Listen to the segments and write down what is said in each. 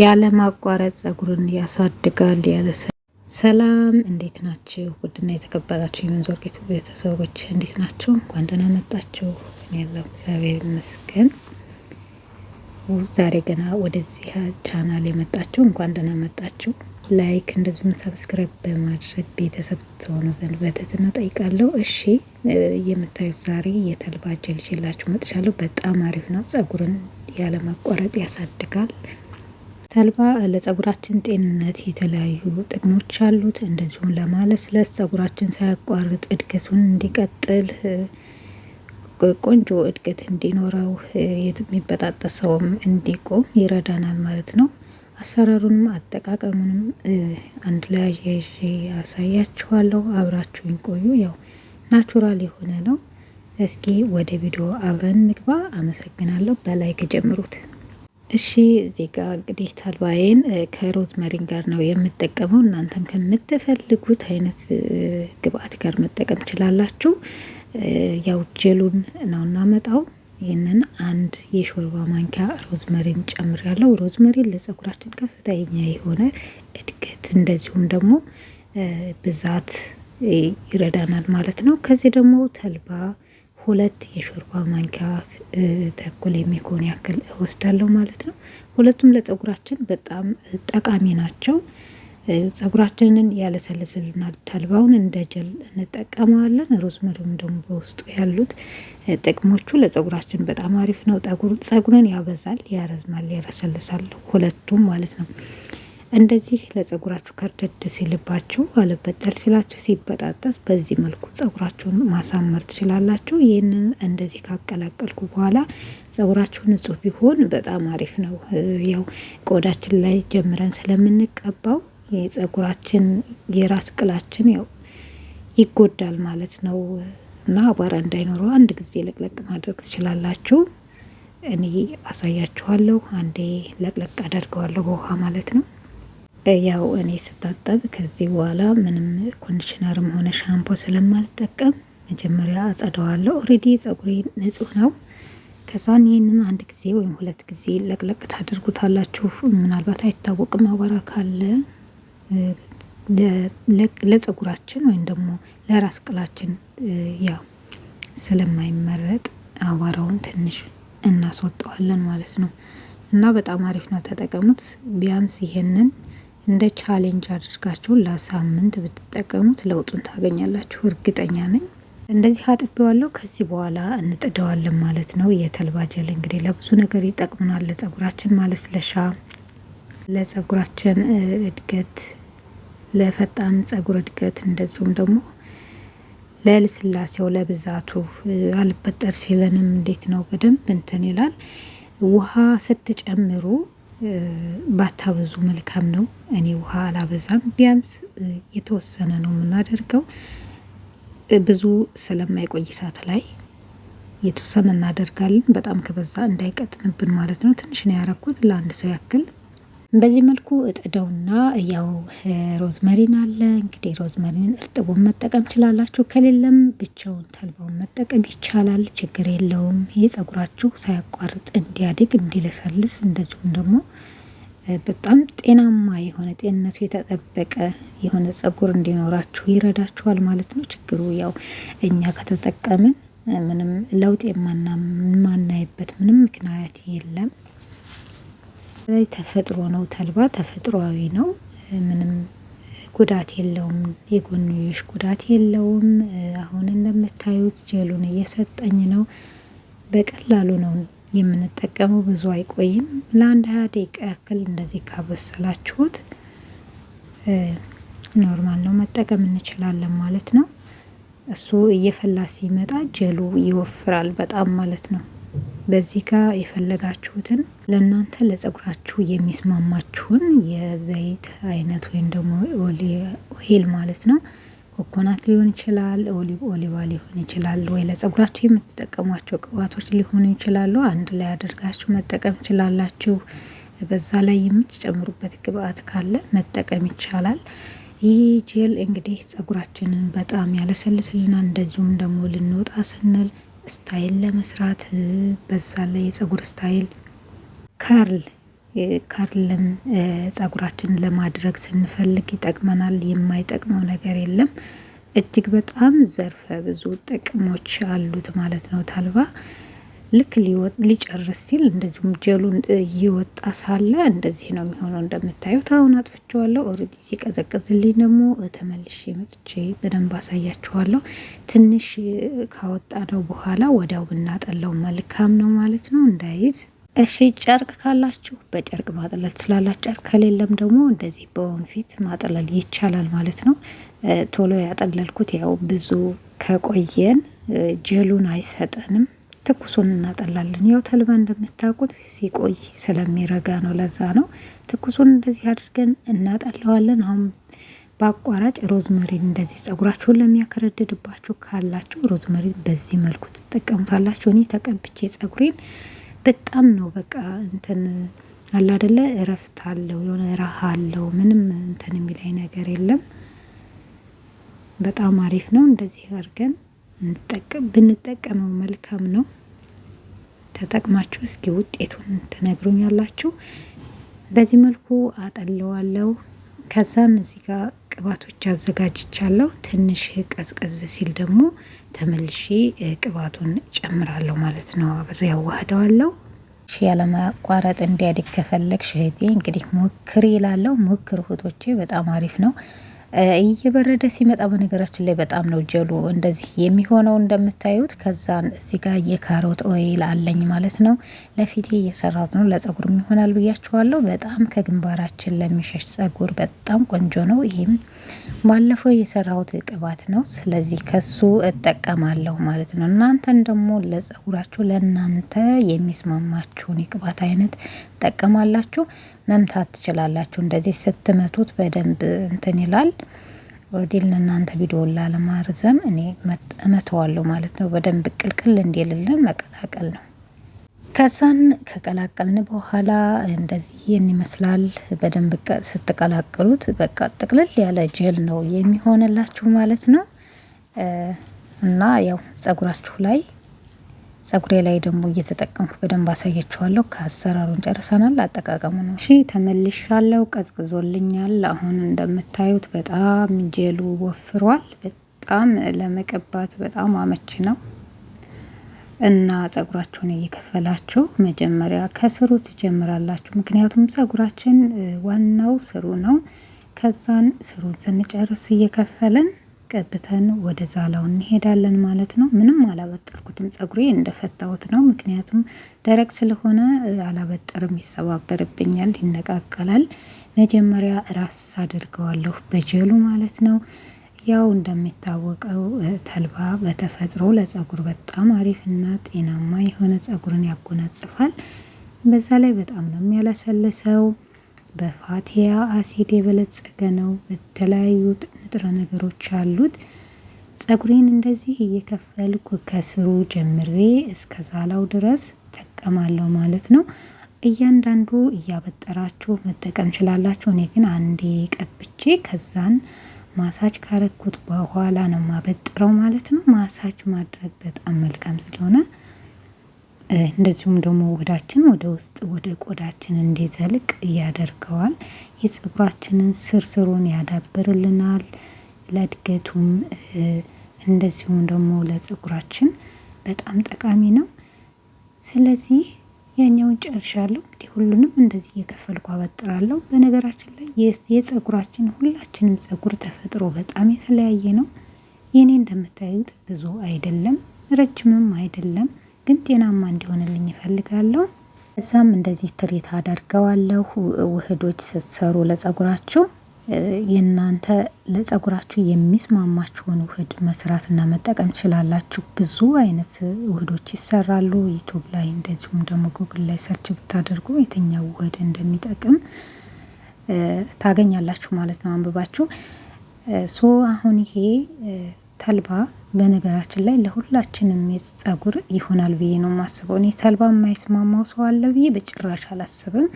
ያለማቋረጥ ጸጉርን ያሳድጋል። ያለ ሰላም እንዴት ናችሁ? ውድና የተከበራችሁ የመንዞር ጌቱ ቤተሰቦች እንዴት ናችሁ? እንኳን ደህና መጣችሁ። ያለው እግዚአብሔር ይመስገን። ዛሬ ገና ወደዚህ ቻናል የመጣችሁ እንኳን ደህና መጣችሁ። ላይክ እንደዚሁም ሰብስክራይብ በማድረግ ቤተሰብ ትሆኑ ዘንድ በትህትና ጠይቃለሁ። እሺ የምታዩት ዛሬ የተልባ ጀል ይዤላችሁ መጥቻለሁ። በጣም አሪፍ ነው። ጸጉርን ያለማቋረጥ ያሳድጋል። ተልባ ለፀጉራችን ጤንነት የተለያዩ ጥቅሞች አሉት። እንደዚሁም ለማለስለስ ፀጉራችን ሳያቋርጥ እድገቱን እንዲቀጥል ቆንጆ እድገት እንዲኖረው የሚበጣጠሰውም እንዲቆም ይረዳናል ማለት ነው። አሰራሩንም አጠቃቀሙንም አንድ ላይ አያይዤ ያሳያችኋለሁ። አብራችሁኝ ቆዩ። ያው ናቹራል የሆነ ነው። እስኪ ወደ ቪዲዮ አብረን ንግባ። አመሰግናለሁ። በላይክ ጀምሩት። እሺ እዚህ ጋር እንግዲህ ተልባዬን ከሮዝመሪን ጋር ነው የምጠቀመው። እናንተም ከምትፈልጉት አይነት ግብአት ጋር መጠቀም ችላላችሁ ያው ጀሉን ነው እናመጣው። ይህንን አንድ የሾርባ ማንኪያ ሮዝመሪን ጨምር ያለው። ሮዝመሪን ለጸጉራችን ከፍተኛ የሆነ እድገት እንደዚሁም ደግሞ ብዛት ይረዳናል ማለት ነው። ከዚህ ደግሞ ተልባ ሁለት የሾርባ ማንኪያ ተኩል የሚሆን ያክል እወስዳለሁ ማለት ነው። ሁለቱም ለፀጉራችን በጣም ጠቃሚ ናቸው። ፀጉራችንን ያለሰልስልናል። ተልባውን እንደ ጀል እንጠቀመዋለን። ሮዝመሪውም ደግሞ በውስጡ ያሉት ጥቅሞቹ ለፀጉራችን በጣም አሪፍ ነው። ጸጉርን ያበዛል፣ ያረዝማል፣ ያረሰልሳል ሁለቱም ማለት ነው። እንደዚህ ለጸጉራችሁ ከርደድ ሲልባችሁ አልበጠል ሲላችሁ ሲበጣጠስ በዚህ መልኩ ጸጉራችሁን ማሳመር ትችላላችሁ። ይህንን እንደዚህ ካቀላቀልኩ በኋላ ጸጉራችሁ ንጹህ ቢሆን በጣም አሪፍ ነው። ያው ቆዳችን ላይ ጀምረን ስለምንቀባው የጸጉራችን የራስ ቅላችን ያው ይጎዳል ማለት ነው እና አቧራ እንዳይኖረው አንድ ጊዜ ለቅለቅ ማድረግ ትችላላችሁ። እኔ አሳያችኋለሁ። አንዴ ለቅለቅ አደርገዋለሁ በውሃ ማለት ነው። ያው እኔ ስታጠብ ከዚህ በኋላ ምንም ኮንዲሽነርም ሆነ ሻምፖ ስለማልጠቀም መጀመሪያ አጸደዋለሁ። ኦሬዲ ጸጉሬ ንጹህ ነው። ከዛን ይህንን አንድ ጊዜ ወይም ሁለት ጊዜ ለቅለቅ ታደርጉታላችሁ። ምናልባት አይታወቅም አቧራ ካለ ለጸጉራችን ወይም ደግሞ ለራስ ቅላችን ያው ስለማይመረጥ አቧራውን ትንሽ እናስወጠዋለን ማለት ነው። እና በጣም አሪፍ ነው፣ ተጠቀሙት ቢያንስ ይሄንን እንደ ቻሌንጅ አድርጋችሁ ለሳምንት ብትጠቀሙት ለውጡን ታገኛላችሁ፣ እርግጠኛ ነኝ። እንደዚህ አጥቤዋለሁ። ከዚህ በኋላ እንጥደዋለን ማለት ነው። የተልባ ጀል እንግዲህ ለብዙ ነገር ይጠቅሙናል። ለጸጉራችን ማለስለሻ፣ ለጸጉራችን እድገት፣ ለፈጣን ጸጉር እድገት እንደዚሁም ደግሞ ለልስላሴው ለብዛቱ አልበጠር ሲለንም እንዴት ነው በደንብ እንትን ይላል። ውሃ ስትጨምሩ ባታበዙ መልካም ነው። እኔ ውሃ አላበዛም፣ ቢያንስ የተወሰነ ነው የምናደርገው። ብዙ ስለማይቆይ ሰዓት ላይ የተወሰነ እናደርጋለን። በጣም ከበዛ እንዳይቀጥንብን ማለት ነው። ትንሽ ነው ያረኩት ለአንድ ሰው ያክል በዚህ መልኩ እጥደውና ያው ሮዝመሪን አለ እንግዲህ ሮዝመሪን እርጥቡን መጠቀም ችላላችሁ። ከሌለም ብቻውን ተልባውን መጠቀም ይቻላል፣ ችግር የለውም። ይህ ጸጉራችሁ ሳያቋርጥ እንዲያድግ እንዲለሰልስ፣ እንደዚሁም ደግሞ በጣም ጤናማ የሆነ ጤንነቱ የተጠበቀ የሆነ ጸጉር እንዲኖራችሁ ይረዳችኋል ማለት ነው። ችግሩ ያው እኛ ከተጠቀምን ምንም ለውጥ የማናይበት ምንም ምክንያት የለም። ላይ ተፈጥሮ ነው። ተልባ ተፈጥሯዊ ነው። ምንም ጉዳት የለውም። የጎንዮሽ ጉዳት የለውም። አሁን እንደምታዩት ጀሉን እየሰጠኝ ነው። በቀላሉ ነው የምንጠቀመው። ብዙ አይቆይም። ለአንድ ሀያ ደቂቃ ያክል እንደዚህ ካበሰላችሁት ኖርማል ነው መጠቀም እንችላለን ማለት ነው። እሱ እየፈላ ሲመጣ ጀሉ ይወፍራል በጣም ማለት ነው። በዚህ ጋር የፈለጋችሁትን ለእናንተ ለጸጉራችሁ የሚስማማችሁን የዘይት አይነት ወይም ደግሞ ኦይል ማለት ነው። ኮኮናት ሊሆን ይችላል፣ ኦሊቭ ኦሊቫ ሊሆን ይችላል፣ ወይ ለጸጉራችሁ የምትጠቀሟቸው ቅባቶች ሊሆኑ ይችላሉ። አንድ ላይ አድርጋችሁ መጠቀም ይችላላችሁ። በዛ ላይ የምትጨምሩበት ግብአት ካለ መጠቀም ይቻላል። ይህ ጄል እንግዲህ ጸጉራችንን በጣም ያለሰልስልናል። እንደዚሁም ደግሞ ልንወጣ ስንል ስታይል ለመስራት በዛ ላይ የፀጉር ስታይል ከርል ከርልም ፀጉራችንን ለማድረግ ስንፈልግ ይጠቅመናል። የማይጠቅመው ነገር የለም። እጅግ በጣም ዘርፈ ብዙ ጥቅሞች አሉት ማለት ነው ተልባ። ልክ ሊጨርስ ሲል እንደዚሁም ጀሉን እየወጣ ሳለ እንደዚህ ነው የሚሆነው። እንደምታዩት አሁን አጥፍቼዋለሁ። ኦልሬዲ ሲቀዘቅዝልኝ ደግሞ ተመልሼ መጥቼ በደንብ አሳያችኋለሁ። ትንሽ ካወጣ ነው በኋላ ወዲያው ብናጠለው መልካም ነው ማለት ነው እንዳይዝ እሺ ጨርቅ ካላችሁ በጨርቅ ማጥለል ትችላላችሁ። ጨርቅ ከሌለም ደግሞ እንደዚህ በወንፊት ማጥለል ይቻላል ማለት ነው። ቶሎ ያጠለልኩት ያው ብዙ ከቆየን ጀሉን አይሰጠንም። ትኩሱን እናጠላለን። ያው ተልባ እንደምታውቁት ሲቆይ ስለሚረጋ ነው። ለዛ ነው ትኩሱን እንደዚህ አድርገን እናጠለዋለን። አሁን በአቋራጭ ሮዝመሪን እንደዚህ ጸጉራችሁን ለሚያከረድድባችሁ ካላችሁ ሮዝመሪን በዚህ መልኩ ትጠቀሙታላችሁ። እኔ ተቀብቼ ጸጉሬን በጣም ነው በቃ እንትን አለ አደለ እረፍት አለው የሆነ ረሃ አለው። ምንም እንትን የሚላይ ነገር የለም። በጣም አሪፍ ነው። እንደዚህ አድርገን ብንጠቀመው መልካም ነው። ተጠቅማችሁ እስኪ ውጤቱን ትነግሩኛላችሁ። በዚህ መልኩ አጠለዋለው። ከዛም እዚህ ጋር ቅባቶች አዘጋጅቻለሁ። ትንሽ ቀዝቀዝ ሲል ደግሞ ተመልሼ ቅባቱን ጨምራለሁ ማለት ነው። አብሬ ያዋህደዋለሁ። ያለማቋረጥ እንዲያድግ ከፈለግሽ እህቴ እንግዲህ ሞክር ይላለው። ሞክር ሁቶቼ በጣም አሪፍ ነው። እየበረደ ሲመጣ በነገራችን ላይ በጣም ነው ጀሉ እንደዚህ የሚሆነው እንደምታዩት። ከዛን እዚህ ጋር የካሮት ኦይል አለኝ ማለት ነው። ለፊቴ እየሰራት ነው፣ ለጸጉርም ይሆናል ብያችኋለሁ። በጣም ከግንባራችን ለሚሸሽ ጸጉር በጣም ቆንጆ ነው። ይህም ባለፈው የሰራሁት ቅባት ነው። ስለዚህ ከሱ እጠቀማለሁ ማለት ነው። እናንተን ደግሞ ለጸጉራችሁ ለእናንተ የሚስማማችሁን የቅባት አይነት ጠቀማላችሁ መምታት ትችላላችሁ። እንደዚህ ስትመቱት በደንብ እንትን ይላል። ኦዲል እናንተ ቪዲዮን ላለማርዘም እኔ እመተዋለሁ ማለት ነው። በደንብ ቅልቅል እንዲልልን መቀላቀል ነው። ከዛን ከቀላቀልን በኋላ እንደዚህ ይህን ይመስላል። በደንብ ስትቀላቅሉት በቃ ጥቅልል ያለ ጀል ነው የሚሆንላችሁ ማለት ነው እና ያው ጸጉራችሁ ላይ ጸጉሬ ላይ ደግሞ እየተጠቀምኩ በደንብ አሳያችኋለሁ። ከአሰራሩን ጨርሰናል። አጠቃቀሙ ነው። እሺ ተመልሻለሁ። ቀዝቅዞልኛል። አሁን እንደምታዩት በጣም ጀሉ ወፍሯል። በጣም ለመቀባት በጣም አመች ነው እና ጸጉራችሁን እየከፈላችሁ መጀመሪያ ከስሩ ትጀምራላችሁ። ምክንያቱም ጸጉራችን ዋናው ስሩ ነው። ከዛን ስሩን ስንጨርስ እየከፈልን ቀብተን ወደ ዛላው እንሄዳለን ማለት ነው። ምንም አላበጠርኩትም፣ ጸጉሬ እንደፈታሁት ነው። ምክንያቱም ደረቅ ስለሆነ አላበጠርም፣ ይሰባበርብኛል፣ ይነቃቀላል። መጀመሪያ ራስ አድርገዋለሁ በጀሉ ማለት ነው። ያው እንደሚታወቀው ተልባ በተፈጥሮ ለጸጉር በጣም አሪፍና ጤናማ የሆነ ጸጉርን ያጎናጽፋል። በዛ ላይ በጣም ነው የሚያለሰልሰው። በፋቲያ አሲድ የበለጸገ ነው። በተለያዩ ንጥረ ነገሮች አሉት። ጸጉሬን እንደዚህ እየከፈልኩ ከስሩ ጀምሬ እስከ ዛላው ድረስ ጠቀማለሁ ማለት ነው። እያንዳንዱ እያበጠራችሁ መጠቀም ችላላችሁ። እኔ ግን አንዴ ቀብቼ ከዛን ማሳጅ ካረኩት በኋላ ነው ማበጥረው ማለት ነው። ማሳጅ ማድረግ በጣም መልካም ስለሆነ እንደዚሁም ደግሞ ወዳችን ወደ ውስጥ ወደ ቆዳችን እንዲዘልቅ ያደርገዋል። የፀጉራችንን ስርስሩን ያዳብርልናል። ለእድገቱም እንደዚሁም ደግሞ ለፀጉራችን በጣም ጠቃሚ ነው። ስለዚህ ያኛውን ጨርሻለሁ። እንግዲህ ሁሉንም እንደዚህ እየከፈልኩ አበጥራለሁ። በነገራችን ላይ የፀጉራችን ሁላችንም ፀጉር ተፈጥሮ በጣም የተለያየ ነው። የኔ እንደምታዩት ብዙ አይደለም፣ ረጅምም አይደለም። ግን ጤናማ እንዲሆንልኝ ይፈልጋለሁ። እዛም እንደዚህ ትሪት አደርገዋለሁ። ውህዶች ስትሰሩ ለጸጉራችሁ የእናንተ ለጸጉራችሁ የሚስማማችሁን ውህድ እና መጠቀም ትችላላችሁ። ብዙ አይነት ውህዶች ይሰራሉ ዩቱብ ላይ እንደዚሁም ደግሞ ጉግል ላይ ሰርች ብታደርጉ የትኛው ውህድ እንደሚጠቅም ታገኛላችሁ ማለት ነው አንብባችሁ ሶ አሁን ይሄ ተልባ በነገራችን ላይ ለሁላችንም ጸጉር ይሆናል ብዬ ነው ማስበው። እኔ ተልባ የማይስማማው ሰው አለ ብዬ በጭራሽ አላስብም።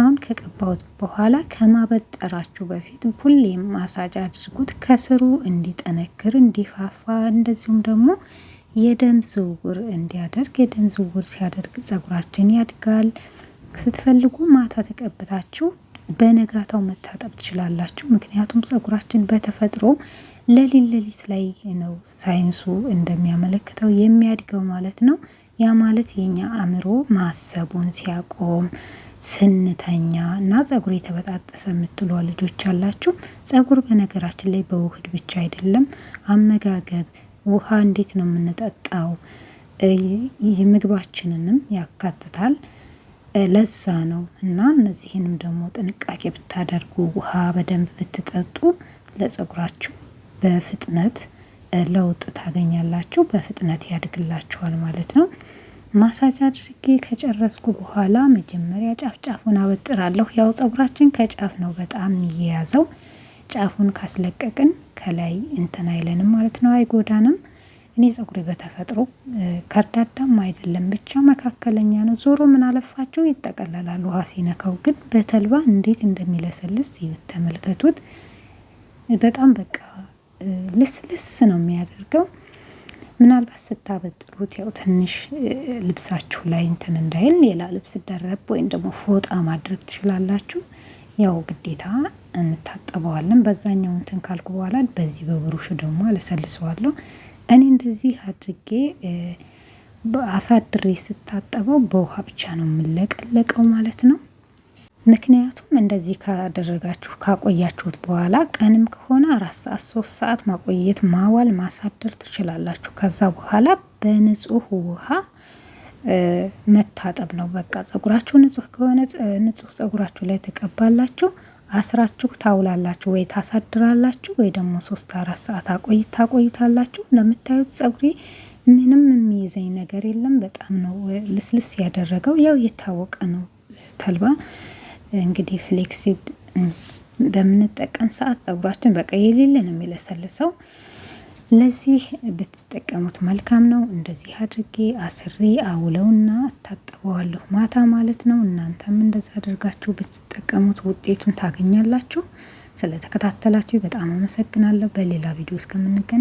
አሁን ከቀባሁት በኋላ ከማበጠራችሁ በፊት ሁሌም ማሳጅ አድርጉት፣ ከስሩ እንዲጠነክር እንዲፋፋ፣ እንደዚሁም ደግሞ የደም ዝውውር እንዲያደርግ። የደም ዝውውር ሲያደርግ ጸጉራችን ያድጋል። ስትፈልጉ ማታ ተቀብታችሁ በነጋታው መታጠብ ትችላላችሁ። ምክንያቱም ፀጉራችን በተፈጥሮ ለሊት ለሊት ላይ ነው ሳይንሱ እንደሚያመለክተው የሚያድገው ማለት ነው። ያ ማለት የኛ አእምሮ ማሰቡን ሲያቆም ስንተኛ እና ፀጉር የተበጣጠሰ የምትሉ ልጆች አላችሁ። ፀጉር በነገራችን ላይ በውህድ ብቻ አይደለም፣ አመጋገብ፣ ውሃ እንዴት ነው የምንጠጣው፣ ምግባችንንም ያካትታል። ለዛ ነው እና እነዚህንም ደግሞ ጥንቃቄ ብታደርጉ ውሃ በደንብ ብትጠጡ ለጸጉራችሁ በፍጥነት ለውጥ ታገኛላችሁ፣ በፍጥነት ያድግላችኋል ማለት ነው። ማሳጅ አድርጌ ከጨረስኩ በኋላ መጀመሪያ ጫፍ ጫፉን አበጥራለሁ። ያው ፀጉራችን ከጫፍ ነው በጣም የያዘው። ጫፉን ካስለቀቅን ከላይ እንትን አይለንም ማለት ነው፣ አይጎዳንም። እኔ ጸጉሬ በተፈጥሮ ከርዳዳም አይደለም ብቻ መካከለኛ ነው። ዞሮ ምን አለፋቸው ይጠቀለላል ውሃ ሲነካው። ግን በተልባ እንዴት እንደሚለሰልስ እዩት፣ ተመልከቱት። በጣም በቃ ልስልስ ነው የሚያደርገው። ምናልባት ስታበጥሩት ያው ትንሽ ልብሳችሁ ላይ እንትን እንዳይል ሌላ ልብስ ደረብ ወይም ደግሞ ፎጣ ማድረግ ትችላላችሁ። ያው ግዴታ እንታጠበዋለን። በዛኛው እንትን ካልኩ በኋላ በዚህ በብሩሹ ደግሞ አለሰልሰዋለሁ። እኔ እንደዚህ አድርጌ አሳድሬ ስታጠበው በውሃ ብቻ ነው የምለቀለቀው ማለት ነው። ምክንያቱም እንደዚህ ካደረጋችሁ ካቆያችሁት በኋላ ቀንም ከሆነ አራት ሰዓት ሶስት ሰዓት ማቆየት ማዋል ማሳደር ትችላላችሁ። ከዛ በኋላ በንጹህ ውሃ መታጠብ ነው በቃ። ጸጉራችሁ ንጹህ ከሆነ ንጹህ ጸጉራችሁ ላይ ትቀባላችሁ። አስራችሁ ታውላላችሁ ወይ ታሳድራላችሁ ወይ ደግሞ ሶስት አራት ሰዓት አቆይት ታቆይታላችሁ። እንደምታዩት ጸጉሬ ምንም የሚይዘኝ ነገር የለም። በጣም ነው ልስልስ ያደረገው። ያው የታወቀ ነው ተልባ እንግዲህ ፍሌክሲድ በምንጠቀም ሰዓት ጸጉራችን በቃ የሌለ ነው የሚለሰልሰው። ለዚህ ብትጠቀሙት መልካም ነው። እንደዚህ አድርጌ አስሬ አውለውና እታጠበዋለሁ ማታ ማለት ነው። እናንተም እንደዚ አድርጋችሁ ብትጠቀሙት ውጤቱን ታገኛላችሁ። ስለተከታተላችሁ በጣም አመሰግናለሁ። በሌላ ቪዲዮ እስከምንገናኝ